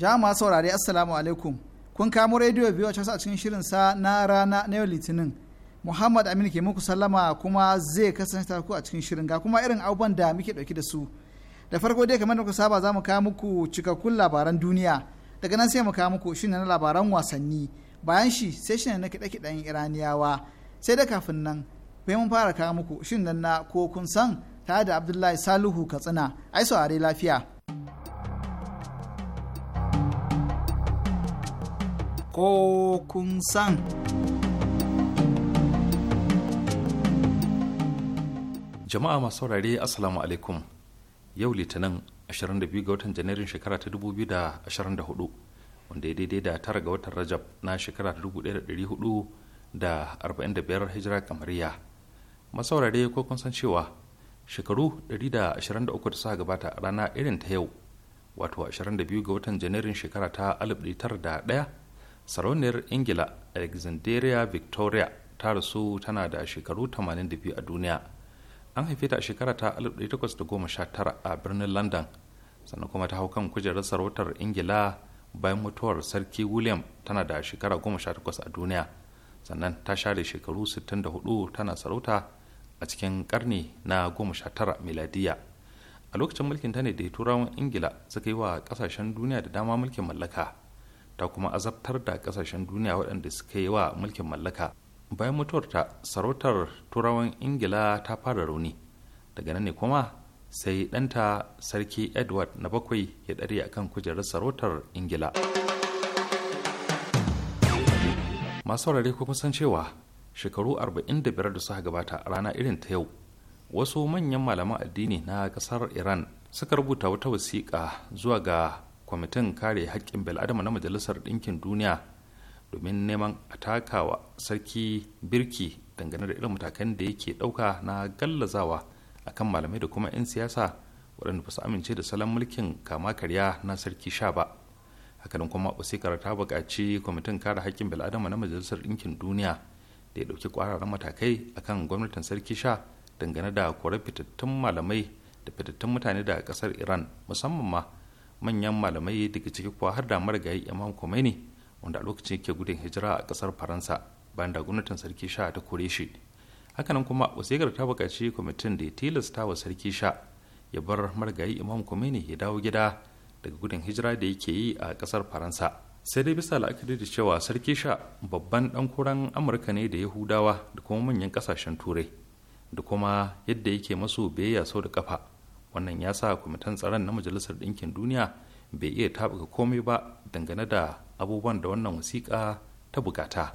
jama'a saurari assalamu alaikum kun kamo rediyo biyu a a cikin shirin sa na rana na yau litinin muhammad amin ke muku sallama kuma zai kasance ta ku a cikin shirin ga kuma irin abubuwan da muke ɗauki da su da farko dai kamar da ku saba za mu kawo muku cikakkun labaran duniya daga nan sai mu kawo muku shirin na labaran wasanni bayan shi sai shirin na kiɗe-kiɗen iraniyawa sai da kafin nan bai mun fara kawo muku shirin na ko kun san tare da abdullahi saluhu katsina ai saurari lafiya ko kun san. Jama'a masu saurare Assalamu alaikum yau litinin 22 ga watan janairun shekara ta 2024 wanda ya daidai da tara ga watan rajab na shekara ta 1445 hijira kamariya masaurare ko kun san cewa shekaru 123 da suka gabata a rana irin ta yau wato 22 ga watan janairun shekara ta 1901 sarauniyar ingila alexandria victoria ta rasu tana da shekaru 82 a duniya an haife ta a shekara ta 1819 a birnin london sannan kuma ta hau kan kujerar sarautar ingila bayan mutuwar sarki william tana da shekara 18 a duniya sannan ta share shekaru 64 tana sarauta a cikin karni na 19 miladiya a lokacin mulkin ta ne da turawan ingila suka yi wa kasashen duniya da dama mulkin mallaka ta kuma azabtar da kasashen duniya waɗanda suka yi wa mulkin mallaka bayan mutuwar ta sarautar turawan ingila ta fara rauni daga nan ne kuma sai ɗanta sarki edward na bakwai ya ɗari a kan kujerar sarautar ingila masu saurare kuma san cewa shekaru 45 da suka gabata rana irin ta yau wasu manyan malaman addini na ƙasar iran suka rubuta wata wasiƙa zuwa ga kwamitin kare haƙƙin bil'adama na majalisar ɗinkin duniya domin neman a takawa sarki birki dangane da irin matakan da yake ɗauka na gallazawa a kan malamai da kuma 'yan siyasa waɗanda ba su amince da salon mulkin kama karya na sarki sha ba hakanan kuma wasikar ta buƙaci kwamitin kare haƙƙin bil'adama na majalisar ɗinkin duniya da ya ɗauki ƙwararren matakai akan gwamnatin sarki sha dangane da kore fitattun malamai da fitattun mutane da ƙasar iran musamman ma manyan malamai daga ciki kuwa har da marigayi imam Khomeini wanda a lokacin yake gudun hijira a kasar faransa bayan da gwamnatin sarki sha ta kore shi hakanan kuma wasikar ta buƙaci kwamitin da ya tilasta wa sarki sha ya bar marigayi imam Khomeini ya dawo gida daga gudun hijira da yake yi a kasar faransa sai dai bisa la'akari da cewa sarki sha babban dan kuran amurka ne da yahudawa da kuma manyan kasashen turai da kuma yadda yake masu biyayya sau da kafa wannan ya sa kwamitin tsaron na majalisar ɗinkin duniya bai iya taɓuka komai ba dangane da abubuwan da wannan wasiƙa ta bukata.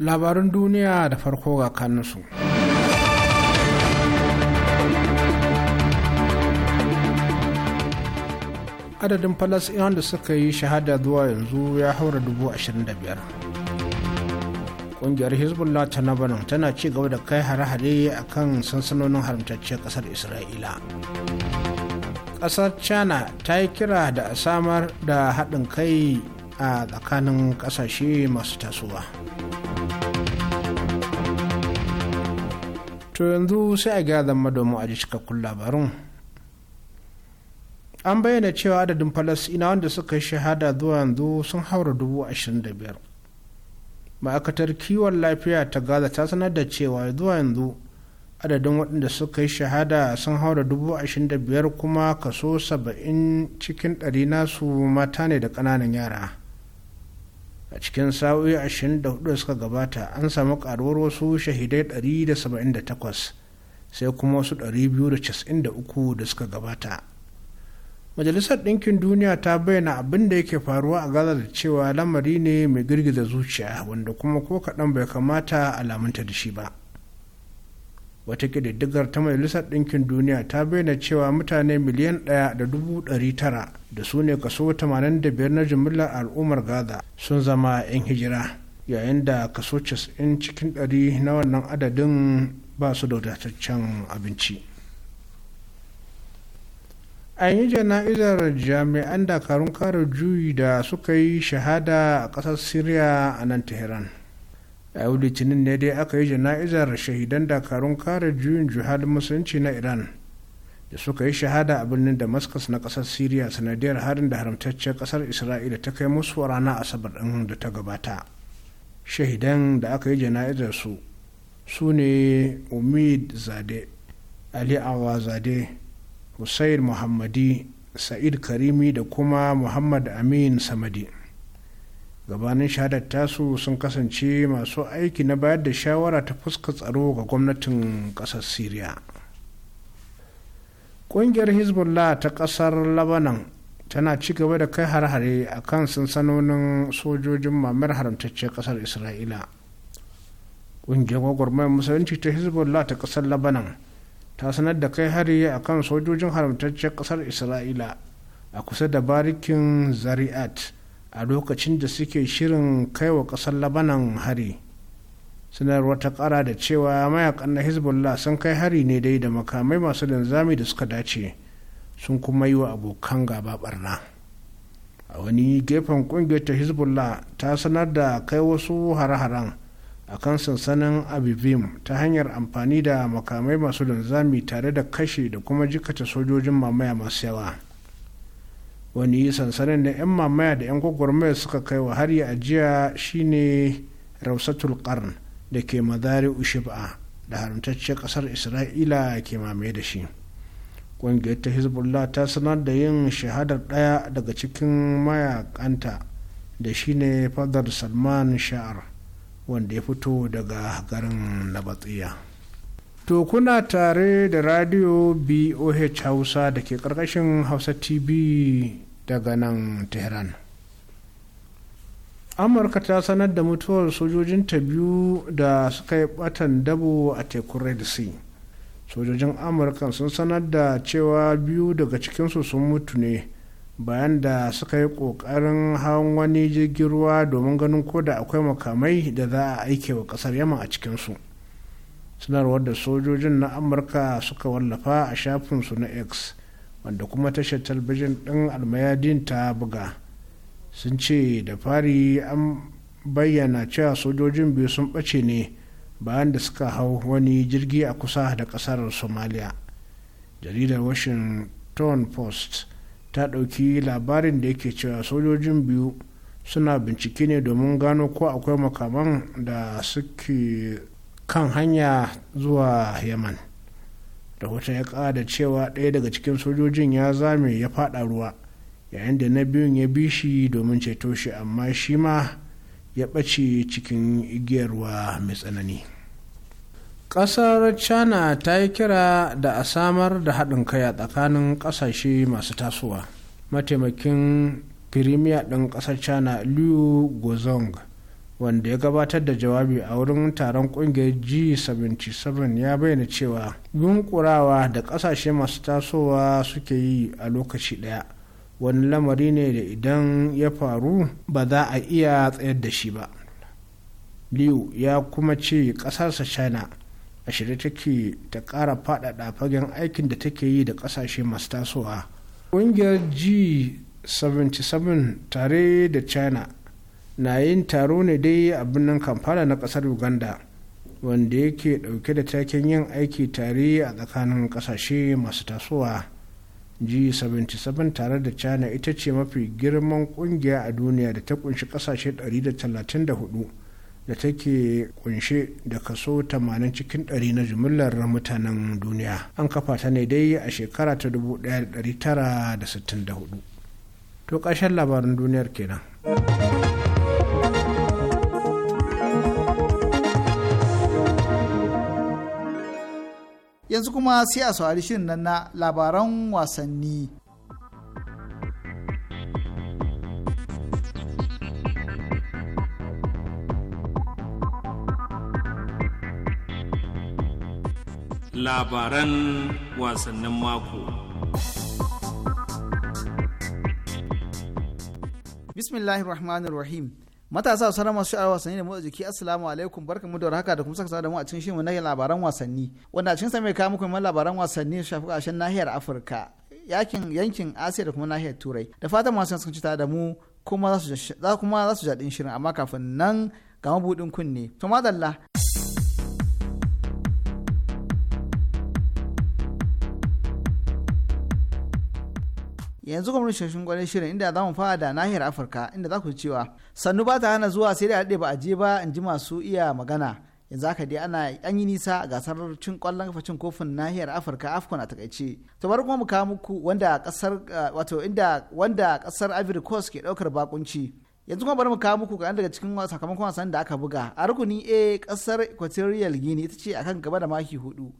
labarin duniya da farko ga kanunsu. adadin falasɗinawan da suka yi shahada zuwa yanzu ya haura dubu ashirin da biyar ƙungiyar hezbollah ta lebanon tana ci gaba da kai hare-hare a kan sansanonin haramtacce ƙasar isra'ila ƙasar china ta yi kira da a samar da haɗin kai a tsakanin ƙasashe masu tasowa. to yanzu sai a gaya zama domin a ji cikakkun labarun an bayyana cewa adadin falasina wanda suka yi shahada zuwa yanzu sun haura dubu ashirin da biyar ma'aikatar kiwon lafiya ta gaza ta sanar da cewa zuwa yanzu adadin waɗanda suka yi shahada sun haura dubu ashirin da biyar kuma kaso saba'in cikin ɗari nasu mata ne da ƙananan yara a cikin sa'o'i 24 suka gabata an samu karuwar wasu shahidai 178 sai kuma wasu 293 da suka gabata majalisar ɗinkin duniya ta bayyana abin da yake faruwa a gaza da cewa lamari ne mai girgiza zuciya wanda kuma ko kaɗan bai kamata a lamunta da shi ba wata ƙididdigar ta majalisar ɗinkin duniya ta bayyana cewa mutane miliyan ɗaya da dubu ɗari tara da su ne kaso 85 na jimillar al'ummar gaza sun zama 'yan hijira yayin da kaso 90 cikin ɗari na wannan adadin ba su da wadataccen abinci a yi jana'izar jami'an dakarun kare juyi da suka yi shahada a ƙasar syria a nan tehran a yau litinin ne dai aka yi jana'izar shahidan dakarun kare juyin juhal musulunci na iran da suka yi shahada a birnin damascus na kasar syria sanadiyar harin da haramtacciyar kasar isra'ila ta kai musu rana asabar ɗin da ta gabata shahidan da aka yi jana'izar su su ne umid zade ali awa zade hussein muhammadi sa'id karimi da kuma muhammad amin samadi gabanin shahadar tasu sun kasance masu aiki na bayar da shawara ta fuska tsaro ga gwamnatin kasar syria ƙungiyar hezbollah ta ƙasar labanan tana ci gaba da kai har-hare a kan sansanonin sojojin mamar haramtacciyar ƙasar isra'ila ƙungiyar gwagwarmayar musulunci ta hezbollah ta ƙasar labanan ta sanar da kai hari a kan sojojin haramtacciyar ƙasar isra'ila a kusa da barikin zari'at a lokacin da suke shirin kaiwa ƙasar labanan hari sanarwar ta kara da cewa mayakan na hezbollah sun kai hari ne dai da makamai masu linzami da suka dace sun kuma yi wa abokan gaba barna a wani gefen ƙungiyar ta hezbollah ta sanar da kai wasu hare-haren a kan sansanin abibim ta hanyar amfani da makamai masu linzami tare da kashe da kuma jikata sojojin mamaya masu yawa wani sansanin da 'yan mamaya da 'yan gwagwarmaya suka kai wa har yi ajiya shine rausatul qarn da ke madari ushib'a da haramtacciyar kasar isra'ila ke mame da shi ƙungiyar ta hezbollah ta sanar da yin shahadar ɗaya daga cikin mayakanta da shine fadar salman sha'ar wanda ya fito daga garin nabatsiya to kuna tare da radio boh hausa da ke ƙarƙashin hausa tv daga nan tehran amurka ta sanar da mutuwar sojojinta biyu da suka yi batan dabo a tekun red sea sojojin amurka sun sanar da cewa biyu daga cikinsu sun mutu ne bayan da suka yi kokarin hawan wani jirgin ruwa domin ganin ko da akwai makamai da za a aike wa kasar yamma a cikinsu sanarwar da sojojin na amurka suka wallafa a shafinsu na x wanda kuma tashar talbijin ɗin almayadin ta buga sun ce da fari an bayyana cewa sojojin biyu sun ɓace ne bayan da suka hau wani jirgi a kusa da ƙasar somalia jaridar washington post ta ɗauki labarin da yake cewa sojojin biyu suna bincike ne domin gano ko akwai makaman da suke kan hanya zuwa yaman rahoton ya ƙada cewa ɗaya daga cikin sojojin ya zame ya fada ruwa yayin da na biyun ya bi shi domin ceto shi amma shi ma ya ɓace cikin igiyar ruwa mai tsanani ƙasar china ta yi kira da a samar da haɗin kai a tsakanin ƙasashe masu tasowa mataimakin firimiya ɗin ƙasar china liu gozong wanda ya gabatar da jawabi a wurin taron kungiyar g77 ya bayyana cewa yunkurawa da kasashe masu tasowa suke yi a lokaci daya wani lamari ne da idan ya faru ba za a iya tsayar da shi ba liu ya kuma ce kasarsa china a shirye take ta kara fadada fagen aikin da take yi da kasashe masu tasowa ƙungiyar g77 tare da china na yin taro ne dai a birnin kampala na kasar uganda wanda yake dauke da taken yin aiki tare a tsakanin kasashe masu tasowa g77 tare da china ita ce mafi girman kungiya a duniya da ta kunshi kasashe 134 da take kunshe da kaso 80 cikin 100 na jumlar mutanen duniya an kafa ta ne dai a shekara ta 1964 to ƙarshen labarin duniyar kenan. yanzu kuma sai a saurari shirin nan na labaran wasanni. Labaran wasannin mako. Bismillahirrahmanirrahim. matasa su masu sha'awar wasanni da motsa jiki assalamu alaikum barka mu da haka da kuma saka da mu a cikin shirin na labaran wasanni wanda a cikin sa mai kawo muku labaran wasanni da shafi kashin nahiyar afirka yakin yankin asiya da kuma nahiyar turai da fatan masu sun ci tare da mu kuma za su jaɗin shirin amma kafin nan ga mabuɗin kunne to madalla yanzu kuma shirin gwanin shirin inda za mu fara da nahiyar afirka inda za ku cewa sannu ba ta hana zuwa sai da haɗe ba a je ba in ji masu iya magana yanzu aka dai ana an yi nisa a gasar cin kwallon kafa kofin nahiyar afirka afcon a takaice to bari kuma mu kawo muku wanda kasar wato inda wanda kasar ivory coast ke daukar bakunci yanzu kuma bari mu kawo muku kaɗan daga cikin sakamakon wasan da aka buga a rukuni a kasar equatorial guinea ita ce akan gaba da maki hudu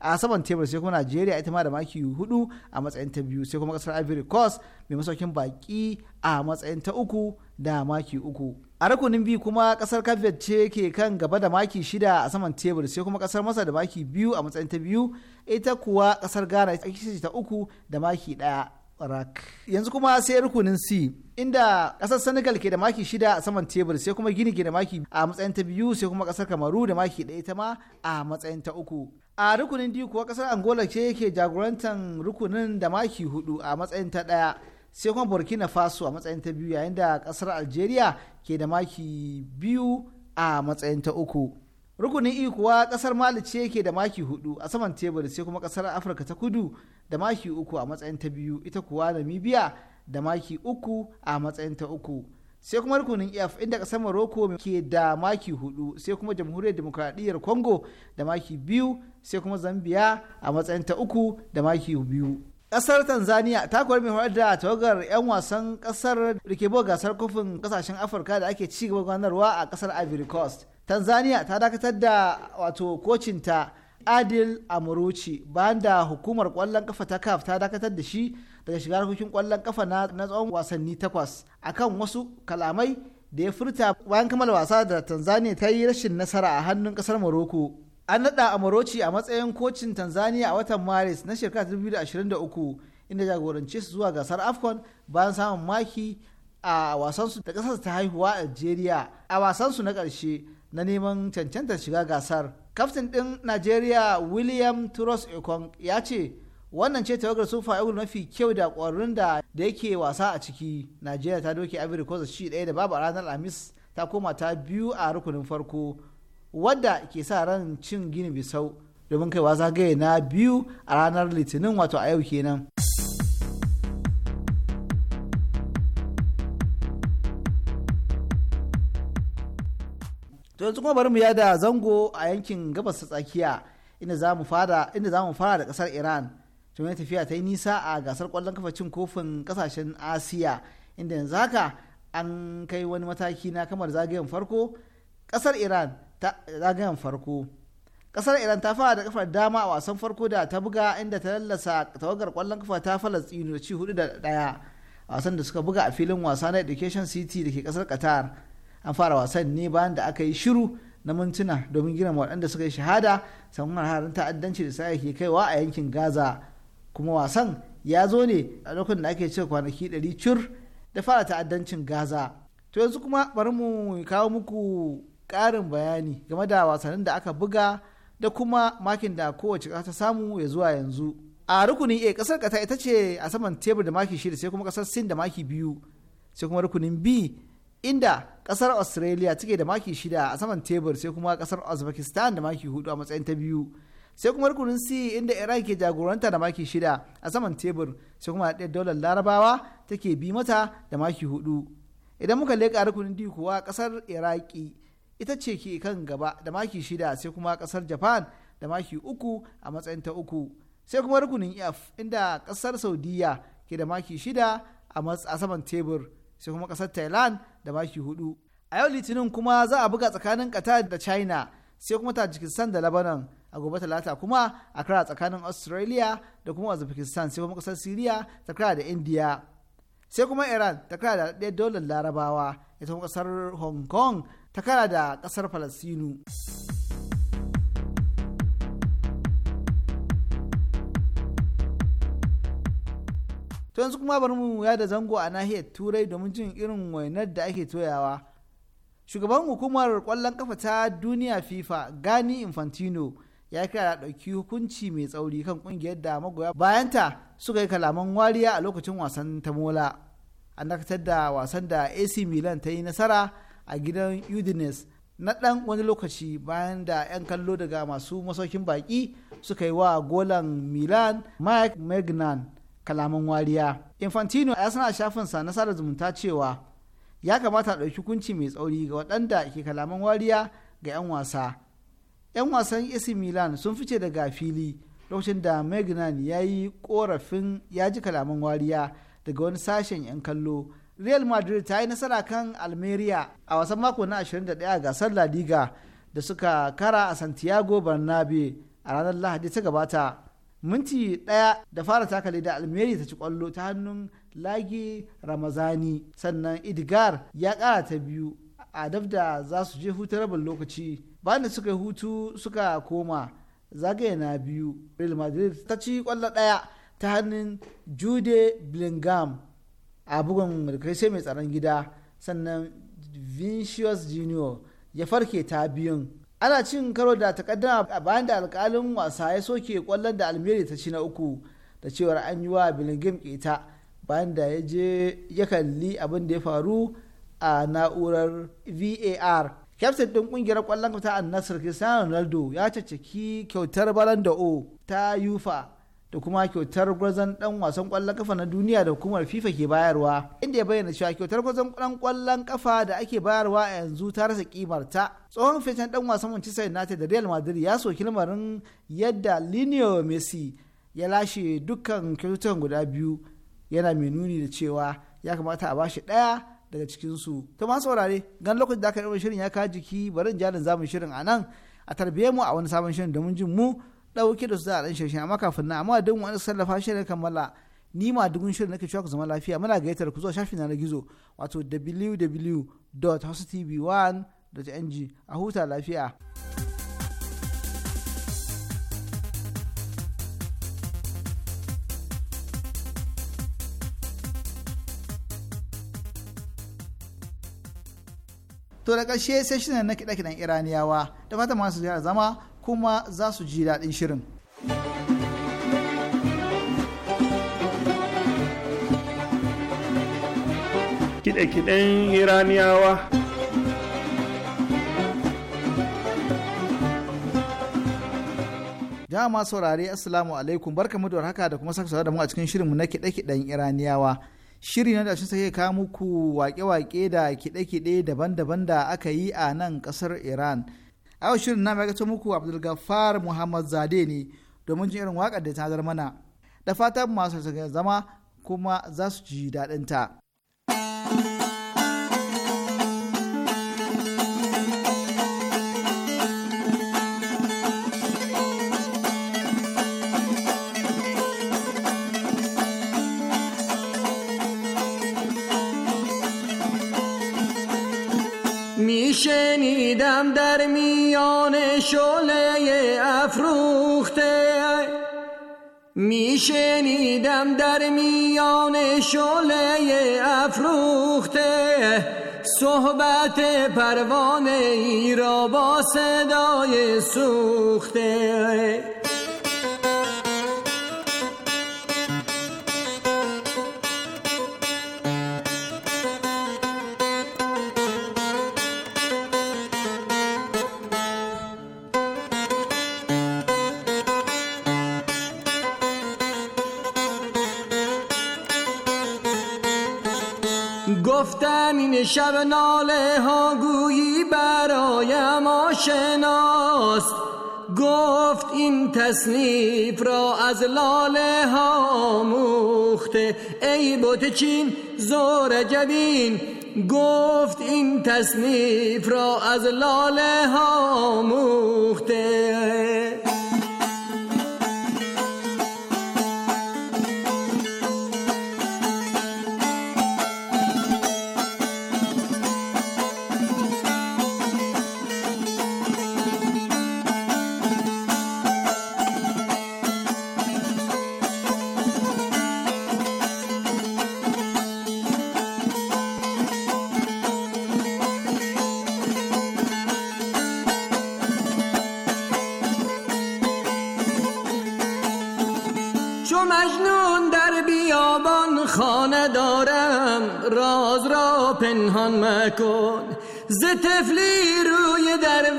a saman tebur sai kuma najeriya ita ma da maki hudu a matsayin ta biyu sai kuma kasar ivory coast mai masaukin baki a matsayin ta uku da maki uku a rukunin biyu kuma kasar kafiyar ce ke kan gaba da maki shida a saman tebur sai kuma kasar masa da maki biyu a matsayin ta biyu ita kuwa kasar ghana ita ta uku da maki daya rak yanzu kuma sai rukunin c inda kasar senegal ke da maki shida a saman tebur sai kuma gini ke da maki a matsayin ta biyu sai kuma kasar kamaru da maki daya ita ma a matsayin ta uku a rukunin d kuwa kasar angola ce yake jagorantar rukunin da maki hudu a matsayin ta daya sai kuma burkina faso a matsayin ta biyu yayin da kasar algeria ke da maki biyu a matsayin ta uku rukunin e kuwa kasar mali ce ke da maki hudu a saman tebur sai kuma kasar afirka ta kudu da maki uku a matsayin ta biyu ita kuwa namibia da maki uku a matsayin ta uku sai kuma rukunin af inda kasar morocco ke da maki hudu sai kuma jamhuriyar demokradiyyar congo da maki biyu sai kuma zambia a matsayin ta uku da maki biyu kasar tanzania ta kwari mai da tawagar 'yan wasan kasar da ke gasar kofin kasashen afirka da ake ci gaba ganarwa a kasar ivory coast tanzania ta dakatar da wato kocinta adil amuruci bayan da hukumar kwallon kafa ta kaf ta dakatar da shi daga shiga harkokin kwallon kafa na tsawon wasanni takwas akan wasu kalamai da ya furta bayan kammala wasa da tanzania ta yi rashin nasara a hannun kasar morocco an naɗa amoroci a matsayin kocin tanzania a watan maris na shekarar 2023 inda jagorance su zuwa gasar afcon bayan samun maki a wasansu da kasar ta haihuwa a algeria a wasansu na karshe na neman cancantar shiga gasar kaftin ɗin najeriya william turos ekong ya ce wannan ce tawagar sufa eagles mafi kyau da ƙwararrun da da yake wasa a ciki najeriya ta doke ivory coast shi daya da babu ranar alhamis ta koma ta biyu a rukunin farko wadda ke sa ran cin gini bisau domin kaiwa zagaye na biyu a ranar litinin wato a yau kenan. to yanzu kuma bari mu yada zango a yankin gabas ta tsakiya inda za mu fara inda da kasar iran domin tafiya ta yi nisa a gasar kwallon kafa cin kofin kasashen asiya inda yanzu haka an kai wani mataki na kamar zagayen farko kasar iran ta zagayen farko kasar iran ta fara da kafar dama a wasan farko da ta buga inda ta lallasa tawagar kwallon kafa ta falastinu da hudu da daya wasan da suka buga a filin wasa na education city da ke kasar qatar an fara wasan ne bayan da aka yi shiru na mintuna domin gina waɗanda suka yi shahada samun harin ta'addanci da sa'a ke kaiwa a yankin gaza kuma wasan ya zo ne a lokacin da ake cika kwanaki ɗari cur da fara ta'addancin gaza to yanzu kuma bari mu kawo muku ƙarin bayani game da wasannin da aka buga da kuma makin da kowace ƙasa ta samu ya zuwa yanzu a rukunin a ƙasar ƙasa ita ce a saman tebur da maki shida sai kuma ƙasar sin da maki biyu sai kuma rukunin b inda kasar australia take da maki shida a saman tebur sai kuma kasar uzbekistan da maki hudu a matsayin ta biyu sai kuma rukunin si inda iran ke jagoranta da maki shida a saman tebur sai kuma ɗaya dolar larabawa take bi mata da maki hudu idan muka leƙa rukunin d kuwa kasar iraki ita ce ke kan gaba da maki shida sai kuma kasar japan da maki uku a matsayin ta uku sai kuma rukunin f inda kasar saudiya ke da maki shida a saman tebur sai kuma kasar thailand da maki hudu a yau litinin kuma za a buga tsakanin qatar da china sai kuma tajikistan da lebanon a gobe talata kuma a kara tsakanin australia da kuma uzbekistan sai kuma kasar syria ta kara da india sai kuma iran ta kara da ɗaya dolar larabawa ita kuma kasar hong kong ta kara da kasar palestinu. to yanzu kuma bari mu ya da zango a nahiyar turai domin jin irin wainar da ake toyawa shugaban hukumar kwallon kafa ta duniya fifa gani infantino ya kira da ɗauki hukunci mai tsauri kan kungiyar da magoya bayanta suka yi kalaman wariya a lokacin wasan ta mola an dakatar da wasan da ac milan ta yi nasara a gidan udines na ɗan wani lokaci bayan da 'yan kallo daga masu masaukin baƙi suka yi wa golan milan mike magnan kalaman wariya infantino ya sana shafinsa na sada zumunta cewa ya kamata a ɗauki hukunci mai tsauri ga waɗanda ke kalaman wariya ga 'yan wasa 'yan wasan AC Milan sun fice daga fili lokacin da Magnan ya yi korafin ya ji kalaman wariya daga wani sashen 'yan kallo. Real Madrid ta yi nasara kan Almeria a wasan mako na 21 gasar La Liga da suka kara a Santiago Bernabe a ranar Lahadi ta gabata. minti ɗaya da fara taka da almeri ta ci kwallo ta hannun lagi ramazani sannan idgar ya ƙara ta biyu a daf da za su je hutu rabin lokaci bayan da suka yi hutu suka koma zagaya na biyu real madrid ta ci kwallo ɗaya ta hannun jude blingham a bugun sai mai tsaron gida sannan vincius junior ya farke ta biyun ana cin karo da takaddama a bayan da alkalin wasa ya soke kwallon da almeri ta ci na uku da cewar an yi wa bilingim keta bayan da ya je ya kalli abin da ya faru a na'urar var kyaftin ɗin ƙungiyar kwallon ta annasar cristiano ronaldo ya cacciki kyautar balon da o ta yufa da kuma kyautar gwazon dan wasan kwallon kafa na duniya da hukumar FIFA ke bayarwa inda ya bayyana cewa kyautar gwazon dan kwallon kafa da ake bayarwa a yanzu ta rasa kimar tsohon fitan dan wasan Manchester United da Real Madrid ya soki lamarin yadda Lionel Messi ya lashe dukkan kyautar guda biyu yana mai nuni da cewa ya kamata a bashi daya daga cikin su to masu saurare gan lokacin da aka yi shirin ya ka jiki barin jalin zamu shirin a nan a tarbiyyar mu a wani sabon shirin domin jin mu ɗauke da su za a ɗan shirin amma kafin na amma don wani sallafa shirin kammala ni ma dugun shirin nake cewa ku zama lafiya muna gayyatar ku zuwa shafin na gizo wato wwwhostv 1ng a huta lafiya. to da ƙarshe sai ne na kiɗa-kiɗan iraniyawa da fata masu ziyara zama kuma za su ji daɗin shirin. Kiɗe-kiɗen Iraniyawa Jama'a saurari Assalamu alaikum barkamu da haka da kuma saka da mu a cikin shirinmu na kiɗe-kiɗen Iraniyawa. shiri na dashin sake kawo muku wake-wake da kiɗe-kiɗe daban-daban da aka yi a nan ƙasar iran a yau shirin na gato muku abdulgafar muhammad zade ne domin jin irin waƙar da ta zar mana da fatan masu zama kuma za su ji daɗinta میشنیدم در میان شله افروخته میشنیدم در میان شله افروخته صحبت پروانه ای را با صدای سوخته شب ناله ها گویی ما شناست گفت این تصنیف را از لاله ها مخته ای بوت چین زور جبین گفت این تصنیف را از لاله ها مخته تفلی روی در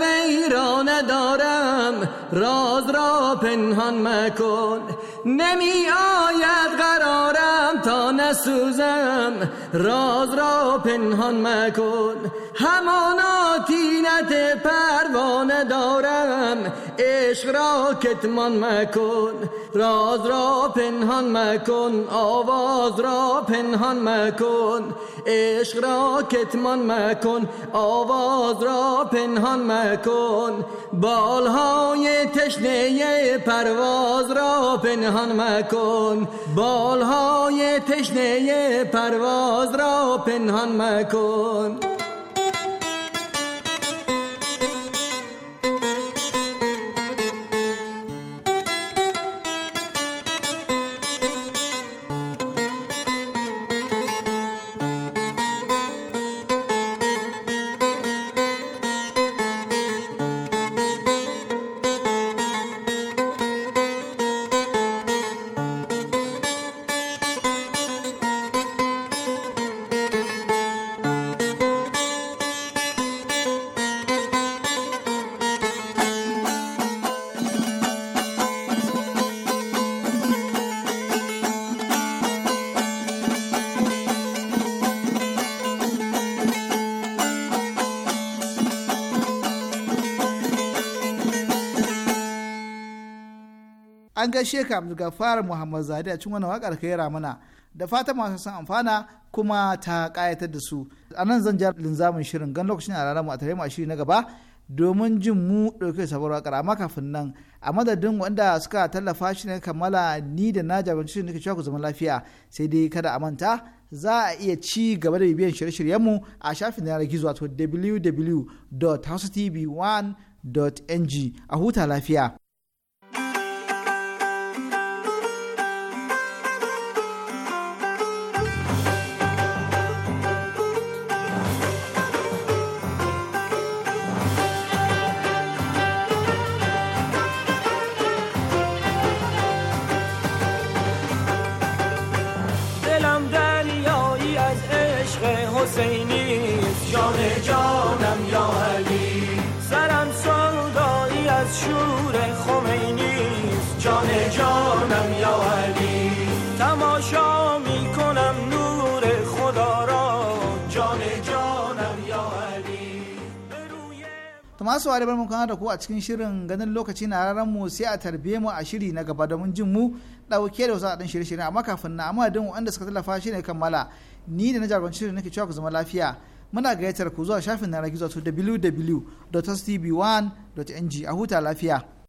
را ندارم راز را پنهان مکن نمی آید قرارم تا نسوزم راز را پنهان مکن همانا تینت پروانه دارم عشق را کتمان مکن راز را پنهان مکن آواز را پنهان مکن عشق را کتمان مکن آواز را پنهان مکن بالهای تشنه پرواز را پنهان مکن بالهای تشنه پرواز را پنهان مکن an gaishe ka ga fara muhammad zade a cikin wannan wakar ka yara mana da fata masu san amfana kuma ta kayatar da su a nan zan jar linzamin shirin gan lokacin a ranar mu a tare mu a shiri na gaba domin jin mu dauke sabuwar wakar amma kafin nan a madadin wanda suka tallafa shi ne kammala ni da na jabanci shi nake cewa ku zama lafiya sai dai kada a manta za a iya ci gaba da bibiyan shirye-shiryenmu a shafin yanar gizo wato www.housetv1.ng a huta lafiya. masu ware bar kana da ku a cikin shirin ganin lokaci na ranar mu sai a tarbiye mu a shiri na gaba domin jin mu dauke da wasu a dan shirye-shirye amma kafin na amma dan wanda suka tallafa shi ne kammala ni da na jagoranci shirin nake cewa ku zama lafiya muna gayyatar ku zuwa shafin na gizo to www.tv1.ng a huta lafiya.